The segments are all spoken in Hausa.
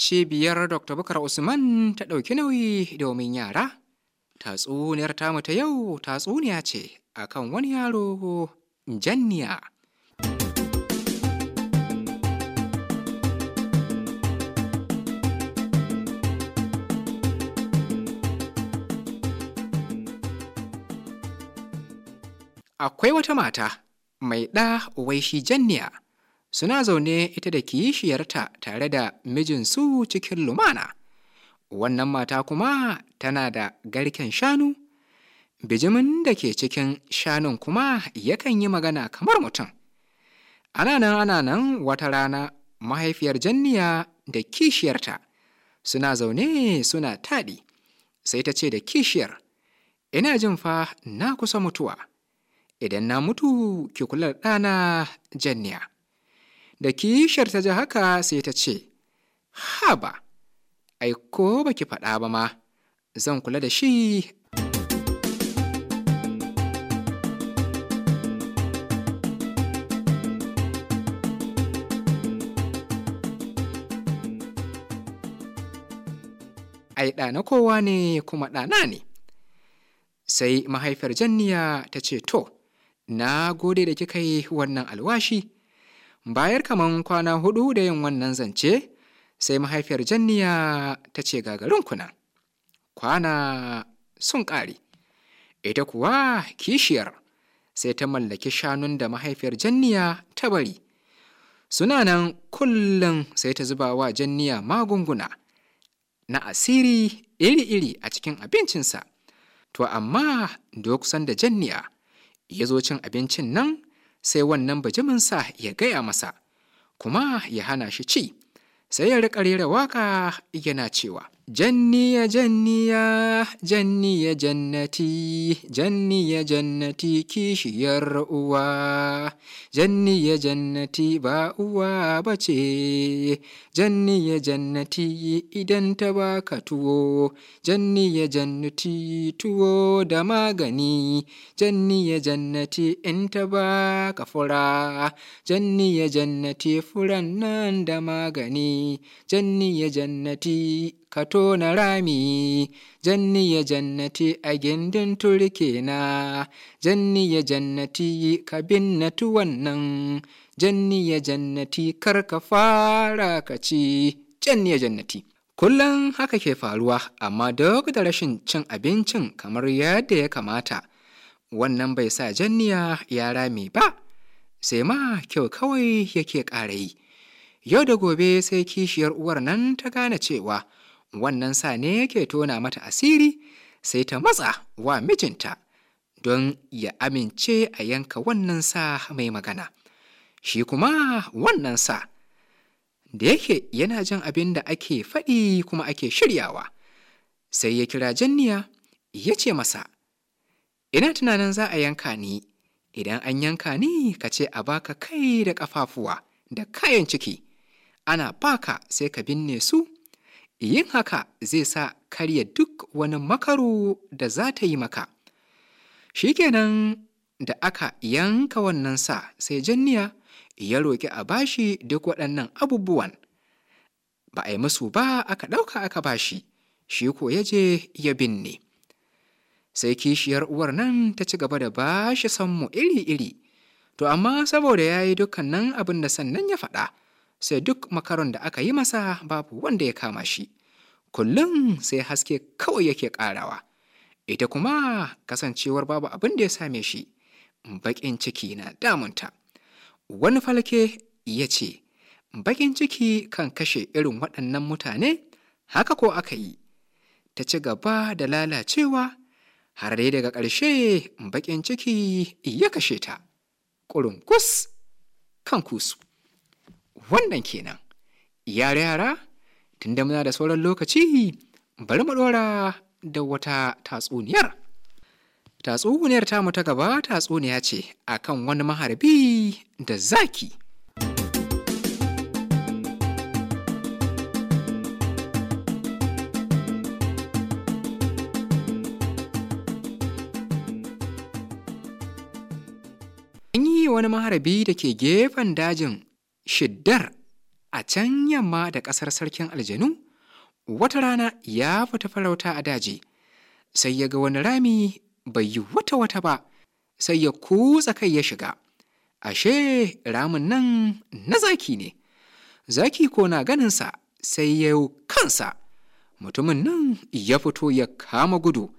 cibiyar dr bukar usman ta ɗauki nauyi domin yara tatsuniyar tamu ta yau tatsuniya ce akan wani yaro janniya akwai wata mata mai ɗa uwai shi janniya suna zaune ita da kishiyarta tare da mijinsu cikin lumana wannan mata kuma tana da garken shanu bijimin da ke cikin shanun kuma yakan yi magana kamar mutum ana nan ana nan wata rana mahaifiyar janniya da kishiyarta suna zaune suna taɗi sai ta ce da kishiyar ina jin fa na kusa mutuwa idan na mutu ki kula ɗana janniya da kishar ta ji haka sai ta ce haba ai ko baki faɗa ba ma zan kula da shi ai ɗana kowa ne kuma ɗana ne sai mahaifar janniya ta ce to na gode da kika yi wannan alwashi bayar kaman kwana hudu da yin wannan zance sai mahaifiyar janniya ta ce gagarin kuna kwana sun ƙare ita kuwa kishiyar sai ta mallaki shanun da mahaifiyar janniya ta bari suna nan kullum sai ta zuba wa janniya magunguna na asiri iri-iri a cikin abincinsa to amma dokusan da janniya ya zo cin abincin nan sai wannan bijiminsa ya gaya masa kuma ya hana shi ci sai ya riƙa rera waƙa yana cewa janniya janniya janniya jannati janniya jannati kishiyar uwa janniya jannati ba uwa bace janniya jannati idan ta ba ka tuwo janniya jannati tuwo da magani janniya jannati in ta ba ka fura janniya jannati furan nan da magani janniya jannati ka tona rami ya jannati a gindin janni ya jannati ka binnatu wannan ya jannati kar ka fara ka ci ya jannati kullum haka ke faruwa amma duk da rashin cin abincin kamar yadda ya kamata wannan bai sa janniya ya rami ba sai ma kyau kawai yake ƙara yi yau da gobe sai kishiyar uwar nan ta gane cewa wannan sa ne yake tona mata asiri sai ta matsa wa mijinta don ya amince a yanka wannan sa mai magana shi kuma wannan sa da yake yana jin abin da ake faɗi kuma ake shiryawa sai ya kira janniya ya ce masa ina tunanin za a yanka ni idan an yanka ni ka ce a baka kai da ƙafafuwa da kayan ciki ana baka sai ka binne su yin haka zai sa karya duk wani makaru da za ta yi maka Shi kenan da aka yanka wannan sa sai janniya ya roƙi a bashi duk waɗannan abubuwan ba a yi musu ba aka ɗauka aka bashi shi ko ya je ya binne sai kishiyar uwar nan ta ci gaba da bashi sammu iri-iri to amma saboda ya yi dukkanin abin da sannan ya faɗa sai duk makaron da aka yi masa babu wanda ya kama shi kullum sai haske kawai yake ƙarawa ita kuma kasancewar babu abin da ya same shi baƙin ciki na damunta wani falke ya ce baƙin ciki kan kashe irin waɗannan mutane haka ko aka yi ta ci gaba da lalacewa har dai daga ƙarshe baƙin ciki ya kashe ta Kurunkus kan kusu wannan kenan yara yara tunda muna da sauran lokaci bari mu ɗora da wata tatsuniyar tatsuniyar ta tamu ta gaba tatsuniya ce akan wani maharbi da zaki wani maharabi da ke gefen dajin Shiddar a can yamma da ƙasar sarkin aljanu, wata rana ya fita farauta a daji, sai ya ga wani rami bai yi wata-wata ba, sai ya kutsa kai ya shiga. Ashe, ramin nan na zaki ne, zaki ko na ganinsa sai ya yi kansa, mutumin nan ya fito ya kama gudu,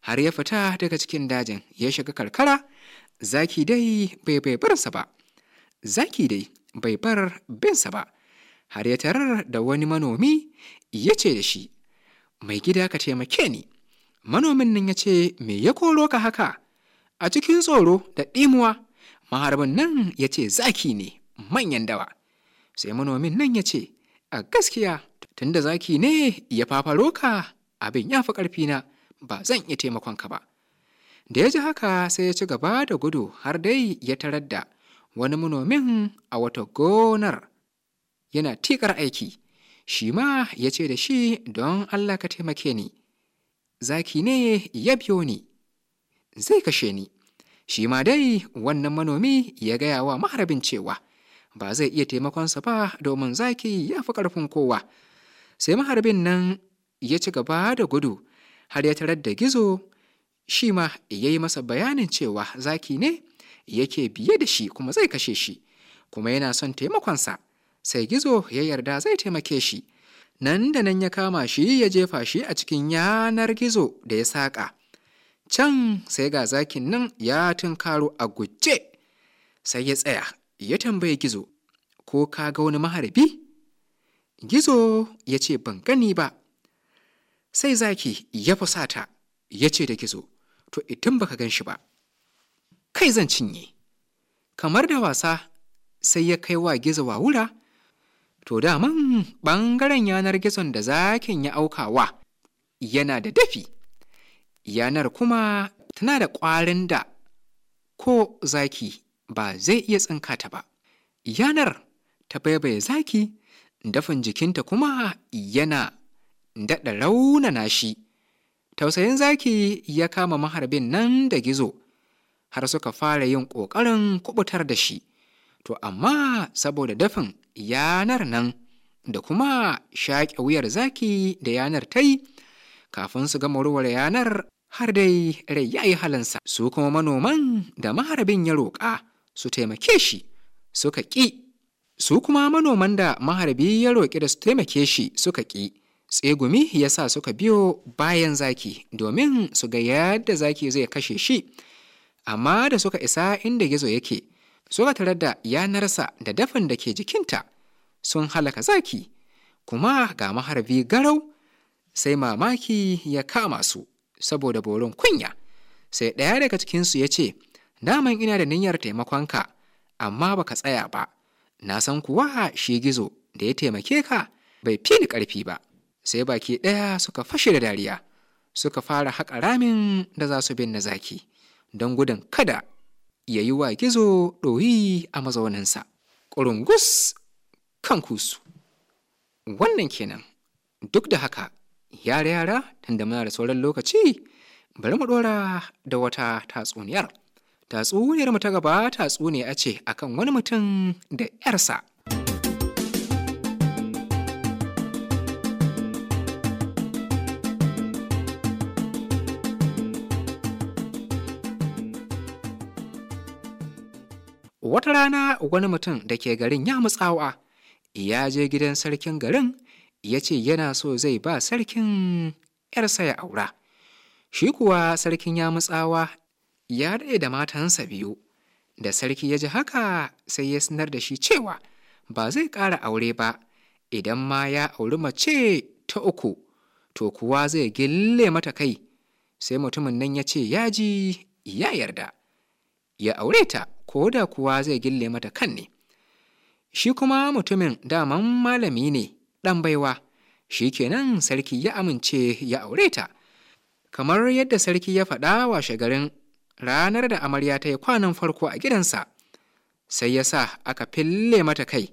har ya fita daga cikin dajin ya shiga karkara, zaki dai bai bai barinsa ba. Zaki dai bai bar binsa ba har ya tarar da wani manomi ya ce da shi mai gida ka taimake ni manomin nan ya ce me ya koro ka haka a cikin tsoro da ɗimuwa maharbin nan ya ce zaki ne manyan dawa sai manomin nan ya ce a gaskiya tunda zaki ne ya fafaro ka abin ya fi ƙarfina ba zan iya taimakon ka ba da ya ji haka sai ya ci gaba da gudu har dai ya tarar da wani manomin a wata gonar yana tikar aiki shi ma ya ce da shi don allah ka taimake ni zaki ne ya biyo ni zai kashe ni shi ma dai wannan manomi ya gaya wa maharbin cewa ba zai iya taimakonsa ba domin zaki ya fi ƙarfin kowa sai maharbin nan ya ci gaba da gudu har ya tarar da gizo shi ma ya yi masa bayanin cewa zaki ne yake biye da shi kuma zai kashe shi kuma yana son taimakonsa sai gizo ya yarda zai taimake shi nan da nan ya kama shi ya jefa shi a cikin yanar gizo da ya saƙa can sai ga zakin nan ya tunkaro a gujje. sai ya tsaya ya tambaye gizo ko ka ga wani maharbi gizo ya ce ban gani ba sai zaki ya fusata ya ce da gizo to idan baka gan shi ba kai zan cinye kamar da wasa sai ya kai wa gizo wa wura to daman ɓangaren yanar gizon da zakin ya auka wa yana da dafi yanar kuma tana da ƙwarin da ko zaki ba zai iya tsinka ta ba yanar ta baibaye zaki dafin jikinta kuma yana daɗa raunana shi tausayin zaki ya kama maharbin nan da gizo har suka fara yin ƙoƙarin kubutar da shi to amma saboda dafin yanar nan da kuma shaƙe wuyar zaki da yanar ta yi kafin su gama ruwar yanar har dai rai ya yi halinsa su kuma manoman da maharbin ya roƙa su taimake shi suka ƙi su kuma manoman da maharbi ya roƙi da su taimake shi suka ƙi tsegumi ya sa suka biyo bayan zaki domin su ga yadda zaki zai kashe shi amma da suka isa inda gizo yake suka tarar da yanarsa da dafin da ke jikinta sun halaka zaki kuma ga maharbi garau sai mamaki ya kama su saboda borin kunya sai ɗaya daga cikinsu ya ce daman ina da niyyar taimakonka amma baka tsaya ba na san kuwa shi gizo da ya taimake ka bai fi ƙarfi ba sai baki ɗaya suka fashe da dariya suka fara haƙa ramin da za su bin na zaki don gudun kada ya yi wa gizo ɗoyi a mazauninsa ƙurungus kan kusu wannan kenan duk da haka yare yara tunda muna da sauran lokaci bari mu ɗora da wata tatsuniyar tatsuniyar mu ta gaba tatsuniya ce akan wani mutum da 'yarsa wata rana wani mutum da ke garin ya mutsawa ya je gidan sarkin garin ya ce yana so zai ba sarkin ‘yarsa ya aura shi kuwa sarkin ya mutsawa ya daɗe da matansa biyu da sarki ya ji haka sai ya sanar da shi cewa ba zai ƙara aure ba idan ma ya auri mace ta uku to kuwa zai gille mata kai sai mutumin nan ya ce ya ji ya yarda ya aure ta ko da kuwa zai gille mata kan ne shi kuma mutumin daman malami ne ɗan baiwa shi kenan sarki ya amince ya aure ta kamar yadda sarki ya faɗa wa shagarin ranar da amarya ta yi kwanan farko a gidansa sai ya sa aka fille mata kai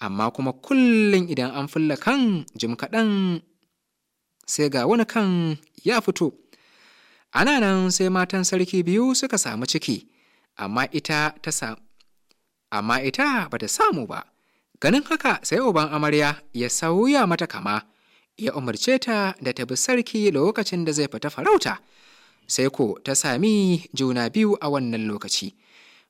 amma kuma kullum idan an fulla kan jim kaɗan sai ga wani kan ya fito ana nan sai matan sarki biyu suka samu ciki amma ita ta samu amma ita ba ta samu ba ganin haka sai uban amarya ya sauya mata kama ya umarce ta da ta bi sarki lokacin da zai fita farauta sai ko ta sami juna biyu a wannan lokaci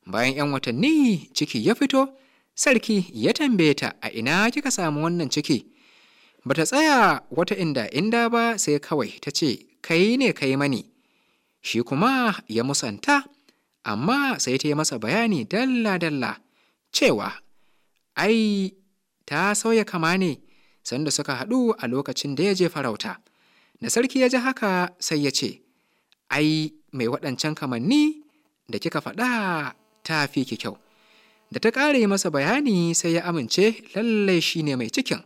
bayan 'yan watanni ciki ya fito sarki ya tambaye ta a ina kika samu wannan ciki ba ta tsaya wata inda inda ba sai kawai ta ce kai ne kai mani shi kuma ya musanta amma sai ta yi masa bayani dalla-dalla cewa ai ta sauya kama ne sanda suka haɗu a lokacin da ya je farauta da sarki ya ji haka sai ya ce ai mai waɗancan kamanni da kika faɗa ta fi ki kyau da ta ƙare masa bayani sai ya amince lallai shi ne mai cikin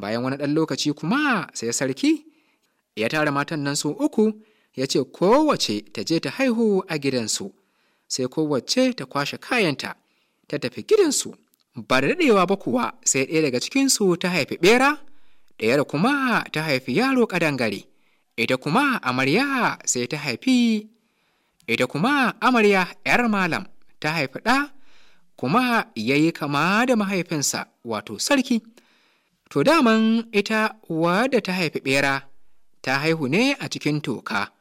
bayan wani ɗan lokaci kuma sai sarki ya tara matan nan su uku ya ce kowace ta je ta haihu a gidansu sai kowace ta kwashe kayanta ta tafi gidansu ba da daɗewa ba kuwa sai ɗaya daga cikinsu ta haifi ɓera da kuma ta haifi yaro ƙadangare ita kuma amarya sai ta haifi ita kuma amarya 'yar malam ta haifi ɗa kuma ya yi kama da mahaifinsa wato sarki to daman ita wadda ta haifi ɓera ta haihu ne a cikin toka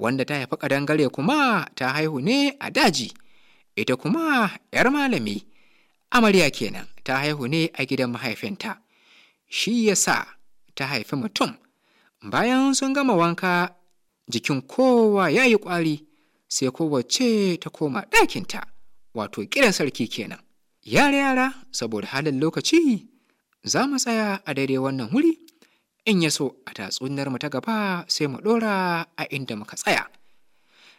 wanda ta haifi ƙadangare kuma ta haihu ne a daji ita kuma 'yar malami amarya kenan ta haihu ne a gidan mahaifinta shi ya sa ta haifi mutum bayan sun gama wanka jikin kowa ya yi ƙwari sai kowace ta koma ɗakinta wato kiran sarki kenan yara yara saboda halin lokaci za mu tsaya a daidai wannan wuri in ya so a tatsuniyar mu ta gaba sai mu ɗora a inda muka tsaya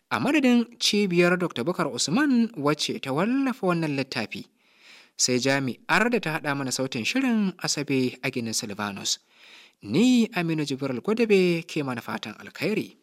a madadin cibiyar dr bukar usman wacce ta wallafa wannan littafi sai jami'ar da ta haɗa mana sautin shirin asabe a ginin silvanus ni aminu jibril gwadabe ke mana fatan alkhairi